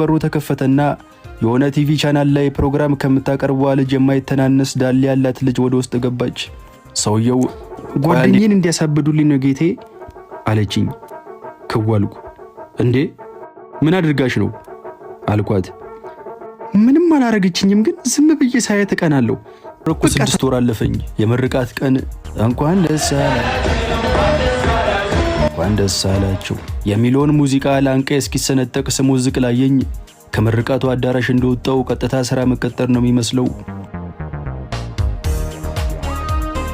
በሩ ተከፈተና የሆነ ቲቪ ቻናል ላይ ፕሮግራም ከምታቀርቧ ልጅ የማይተናነስ ዳሌ ያላት ልጅ ወደ ውስጥ ገባች። ሰውየው ጓደኛዬን እንዲያሳብዱልኝ ነው ጌቴ አለችኝ። ክው እንዴ ምን አድርጋሽ ነው አልኳት። ምንም አላረገችኝም፣ ግን ዝም ብዬ ሳያት እቀናለሁ። ስድስት ወር አለፈኝ። የምርቃት ቀን እንኳን ደስ እንኳን ደስ አላችሁ የሚለውን ሙዚቃ ላንቄ እስኪሰነጠቅ ዝቅ ላየኝ ከምርቃቱ አዳራሽ እንደወጣው ቀጥታ ስራ መቀጠር ነው የሚመስለው።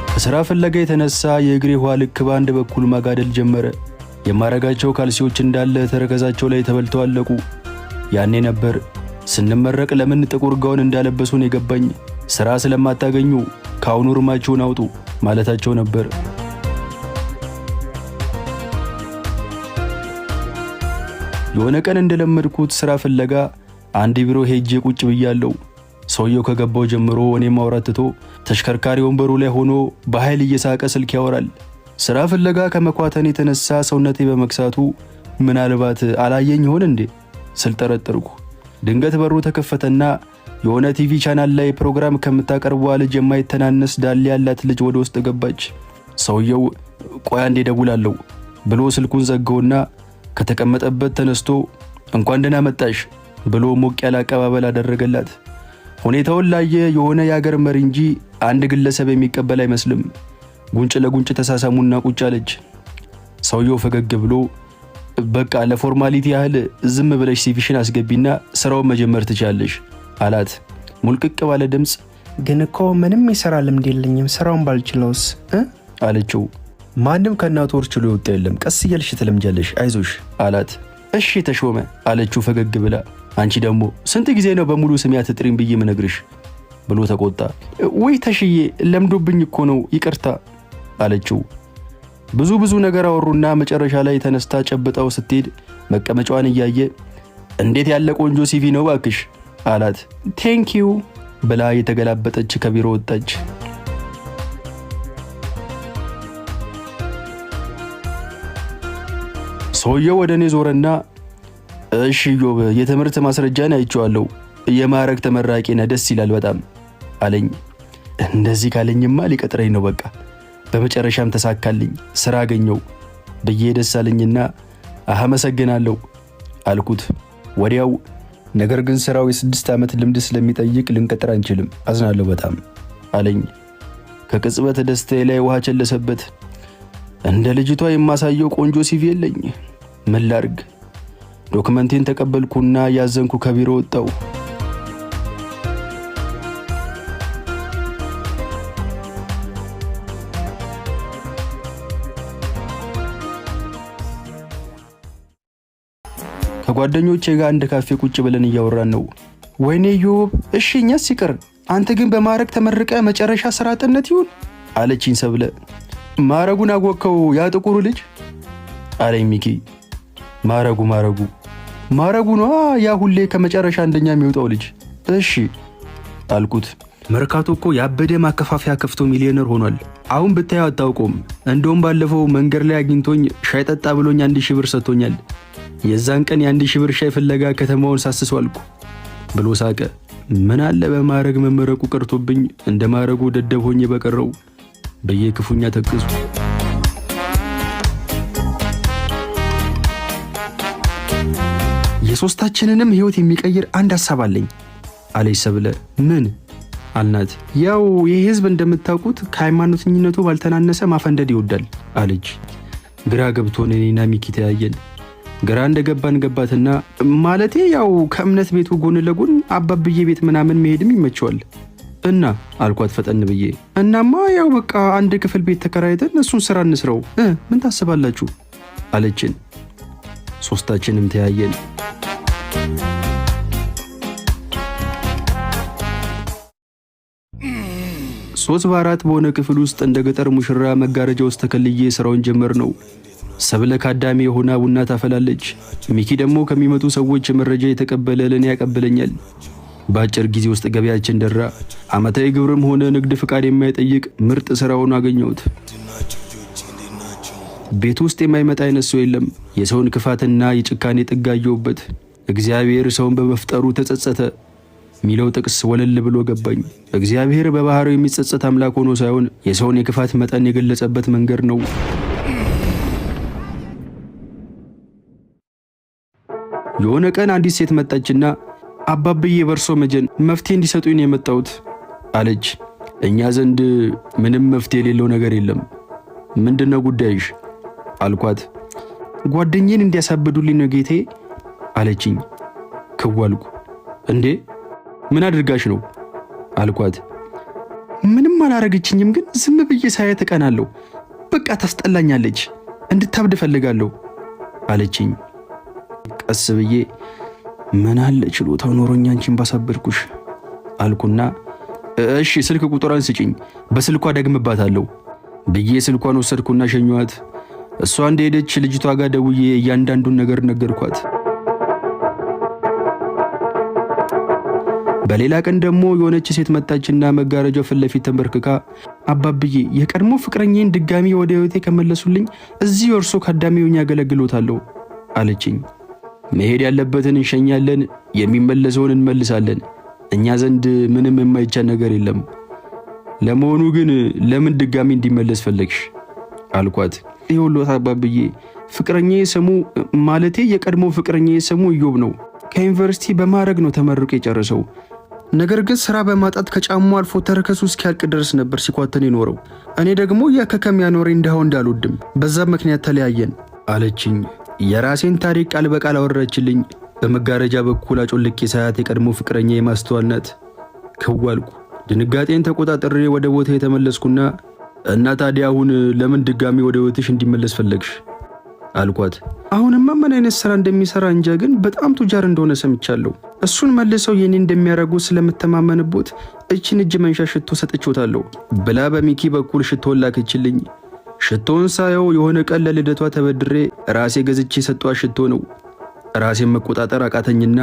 ከስራ ፍለጋ የተነሳ የእግሬ ውሃ ልክ በአንድ በኩል ማጋደል ጀመረ። የማረጋቸው ካልሲዎች እንዳለ ተረከዛቸው ላይ ተበልተው አለቁ። ያኔ ነበር ስንመረቅ ለምን ጥቁር ጋውን እንዳለበሱን የገባኝ። ስራ ስለማታገኙ ከአሁኑ እርማችሁን አውጡ ማለታቸው ነበር። የሆነ ቀን እንደለመድኩት ስራ ፍለጋ አንድ ቢሮ ሄጄ ቁጭ ብያለሁ። ሰውየው ከገባው ጀምሮ እኔ ማውራት ትቶ ተሽከርካሪ ወንበሩ ላይ ሆኖ በኃይል እየሳቀ ስልክ ያወራል። ስራ ፍለጋ ከመኳተን የተነሳ ሰውነቴ በመክሳቱ ምናልባት አላየኝ ይሆን እንዴ ስል ጠረጠርኩ። ድንገት በሩ ተከፈተና የሆነ ቲቪ ቻናል ላይ ፕሮግራም ከምታቀርቧ ልጅ የማይተናነስ ዳሌ ያላት ልጅ ወደ ውስጥ ገባች። ሰውየው ቆያ እንዴ ደውላለሁ ብሎ ስልኩን ዘጋውና ከተቀመጠበት ተነስቶ እንኳን ደህና መጣሽ ብሎ ሞቅ ያለ አቀባበል አደረገላት። ሁኔታውን ላየ የሆነ የአገር መሪ እንጂ አንድ ግለሰብ የሚቀበል አይመስልም። ጉንጭ ለጉንጭ ተሳሳሙና ቁጭ አለች። ሰውየው ፈገግ ብሎ በቃ ለፎርማሊቲ ያህል ዝም ብለሽ ሲቪሽን አስገቢና ስራውን መጀመር ትችላለሽ አላት ሙልቅቅ ባለ ድምፅ። ግን እኮ ምንም የሥራ ልምድ የለኝም ስራውን ባልችለውስ አለችው። ማንም ከእናቱ ወር ችሎ የወጣ የለም። ቀስ እያልሽ ትለምጃለሽ፣ አይዞሽ አላት። እሺ ተሾመ አለችው ፈገግ ብላ። አንቺ ደግሞ ስንት ጊዜ ነው በሙሉ ስሜ አትጥሪም ብዬ ምነግርሽ ብሎ ተቆጣ። ወይ ተሽዬ ለምዶብኝ እኮ ነው ይቅርታ አለችው። ብዙ ብዙ ነገር አወሩና መጨረሻ ላይ ተነስታ ጨብጣው ስትሄድ መቀመጫዋን እያየ እንዴት ያለ ቆንጆ ሲቪ ነው ባክሽ አላት። ቴንኪው ብላ የተገላበጠች ከቢሮ ወጣች። ሰውየው ወደ እኔ ዞረና እሺ ዮብ የትምህርት ማስረጃን አይቼዋለሁ የማዕረግ ተመራቂ ነህ ደስ ይላል በጣም አለኝ። እንደዚህ ካለኝማ ሊቀጥረኝ ነው በቃ በመጨረሻም ተሳካልኝ ስራ አገኘው ብዬ ደስ አለኝና አመሰግናለሁ አልኩት ወዲያው። ነገር ግን ስራው የስድስት ዓመት ልምድ ስለሚጠይቅ ልንቀጥር አንችልም፣ አዝናለሁ በጣም አለኝ። ከቅጽበት ደስታዬ ላይ ውሃ ቸለሰበት። እንደ ልጅቷ የማሳየው ቆንጆ ሲቪ የለኝ። ምን ላርግ? ዶክመንቴን ተቀበልኩና ያዘንኩ ከቢሮ ወጣው። ከጓደኞቼ ጋር አንድ ካፌ ቁጭ ብለን እያወራን ነው። ወይኔ ዮብ፣ እሺ እኛስ ይቅር፣ አንተ ግን በማዕረግ ተመርቀ መጨረሻ ስራ አጥነት ይሁን አለችኝ ሰብለ። ማዕረጉን አወቅከው ያ ጥቁሩ ልጅ አለኝ ሚኪ። ማረጉ ማረጉ ማረጉ ነው ያ ሁሌ ከመጨረሻ አንደኛ የሚወጣው ልጅ። እሺ አልኩት። መርካቶ እኮ ያበደ ማከፋፈያ ከፍቶ ሚሊዮነር ሆኗል። አሁን ብታየው አታውቀውም። እንደውም ባለፈው መንገድ ላይ አግኝቶኝ ሻይ ጠጣ ብሎኝ አንድ ሺህ ብር ሰጥቶኛል። የዛን ቀን የአንድ ሺህ ብር ሻይ ፍለጋ ከተማውን ሳስሰው አልኩ ብሎ ሳቀ። ምን አለ በማዕረግ መመረቁ ቀርቶብኝ እንደ ማዕረጉ ደደብ ሆኜ በቀረው ብዬ ክፉኛ ተከዝኩ። የሦስታችንንም ሕይወት የሚቀይር አንድ ሐሳብ አለኝ አለች ሰብለ። ምን አልናት። ያው ይህ ሕዝብ እንደምታውቁት ከሃይማኖተኝነቱ ባልተናነሰ ማፈንደድ ይወዳል አለች። ግራ ገብቶን እኔና ሚኪ ተያየን። ግራ እንደገባን ገባትና፣ ማለቴ ያው ከእምነት ቤቱ ጎን ለጎን አባብዬ ቤት ምናምን መሄድም ይመቸዋል እና አልኳት ፈጠን ብዬ። እናማ ያው በቃ አንድ ክፍል ቤት ተከራይተን እሱን ስራ እንስረው፣ ምን ታስባላችሁ አለችን። ሦስታችንም ተያየን። ሶስት በአራት በሆነ ክፍል ውስጥ እንደ ገጠር ሙሽራ መጋረጃ ውስጥ ተከልዬ ስራውን ጀመር ነው። ሰብለ ካዳሚ የሆነ ቡና ታፈላለች። ሚኪ ደግሞ ከሚመጡ ሰዎች መረጃ የተቀበለ ለእኔ ያቀብለኛል። በአጭር ጊዜ ውስጥ ገበያችን ደራ። ዓመታዊ ግብርም ሆነ ንግድ ፍቃድ የማይጠይቅ ምርጥ ስራውን አገኘሁት። ቤት ውስጥ የማይመጣ አይነት ሰው የለም። የሰውን ክፋትና የጭካኔ ጥግ አየሁበት። እግዚአብሔር ሰውን በመፍጠሩ ተጸጸተ የሚለው ጥቅስ ወለል ብሎ ገባኝ። እግዚአብሔር በባህሪው የሚጸጸት አምላክ ሆኖ ሳይሆን የሰውን የክፋት መጠን የገለጸበት መንገድ ነው። የሆነ ቀን አንዲት ሴት መጣችና አባብዬ በርሶ መጀን መፍትሄ እንዲሰጡኝ የመጣሁት አለች። እኛ ዘንድ ምንም መፍትሄ የሌለው ነገር የለም። ምንድነው ጉዳይሽ? አልኳት። ጓደኝን እንዲያሳብዱልኝ ነው ጌቴ አለችኝ። ክው አልኩ። እንዴ ምን አድርጋሽ ነው አልኳት። ምንም አላረገችኝም፣ ግን ዝም ብዬ ሳያ ተቀናለሁ። በቃ ታስጠላኛለች፣ እንድታብድ ፈልጋለሁ አለችኝ። ቀስ ብዬ ምን አለ ችሎታው ኖሮኛ አንቺን ባሳበድኩሽ አልኩና እሺ ስልክ ቁጥሯን ስጭኝ፣ በስልኳ ደግምባታለሁ ብዬ ስልኳን ወሰድኩና ሸኘኋት። እሷ እንደሄደች ልጅቷ ጋር ደውዬ እያንዳንዱን ነገር ነገርኳት። በሌላ ቀን ደግሞ የሆነች ሴት መጣችና መጋረጃው ፊት ለፊት ተንበርክካ አባብዬ የቀድሞ ፍቅረኛዬን ድጋሚ ወደ ህይወቴ ከመለሱልኝ እዚህ እርሶ ካዳሚውን ያገለግሎታለሁ አለችኝ። መሄድ ያለበትን እንሸኛለን፣ የሚመለሰውን እንመልሳለን። እኛ ዘንድ ምንም የማይቻል ነገር የለም። ለመሆኑ ግን ለምን ድጋሚ እንዲመለስ ፈለግሽ? አልኳት። ይኸውልዎት አባብዬ ፍቅረኛ ስሙ ማለቴ የቀድሞ ፍቅረኛ ስሙ እዮብ ነው። ከዩኒቨርሲቲ በማዕረግ ነው ተመርቆ የጨረሰው። ነገር ግን ስራ በማጣት ከጫማው አልፎ ተረከሱ እስኪያልቅ ድረስ ነበር ሲኳተን የኖረው። እኔ ደግሞ ያ ከከም ያኖሬ እንዳሆን እንዳልወድም በዛ ምክንያት ተለያየን አለችኝ። የራሴን ታሪክ ቃል በቃል አወረችልኝ። በመጋረጃ በኩል አጮልቄ ሳያት የቀድሞ ፍቅረኛ የማስተዋልነት ናት። ድንጋጤን ተቆጣጥሬ ወደ ቦታ የተመለስኩና እና ታዲያ አሁን ለምን ድጋሚ ወደ ህይወትሽ እንዲመለስ ፈለግሽ? አልኳት። አሁንማ ምን አይነት ስራ እንደሚሰራ እንጃ፣ ግን በጣም ቱጃር እንደሆነ ሰምቻለሁ። እሱን መልሰው የኔ እንደሚያደርጉ ስለምተማመንቦት እችን እጅ መንሻ ሽቶ ሰጥቼዎታለሁ ብላ በሚኪ በኩል ሽቶን ላከችልኝ። ሽቶን ሳየው የሆነ ቀን ለልደቷ ተበድሬ ራሴ ገዝቼ የሰጧት ሽቶ ነው። ራሴን መቆጣጠር አቃተኝና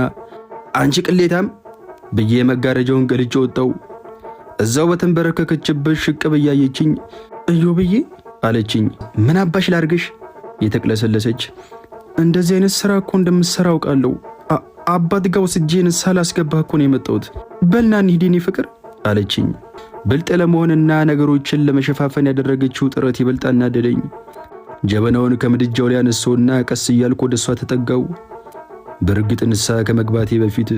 አንቺ ቅሌታም ብዬ መጋረጃውን ገልጬ ወጣው። እዛው በተንበረከከችበት ሽቅብ እያየችኝ እዮ ብዬ አለችኝ። ምን አባሽ ላርግሽ? የተቅለሰለሰች እንደዚህ አይነት ስራ እኮ እንደምትሰራ አውቃለሁ አባት ጋር ወስጄን ሳላስገባ እኮ ነው የመጣሁት። በልና እንሂድ የኔ ፍቅር አለችኝ። ብልጥ ለመሆንና ነገሮችን ለመሸፋፈን ያደረገችው ጥረት ይበልጥ አናደደኝ። ጀበናውን ከምድጃው ላይ አነሳውና ቀስ እያልኩ ወደ እሷ ተጠጋው። በእርግጥ ንሳ ከመግባቴ በፊት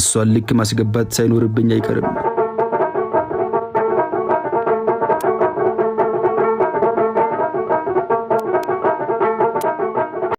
እሷን ልክ ማስገባት ሳይኖርብኝ አይቀርም።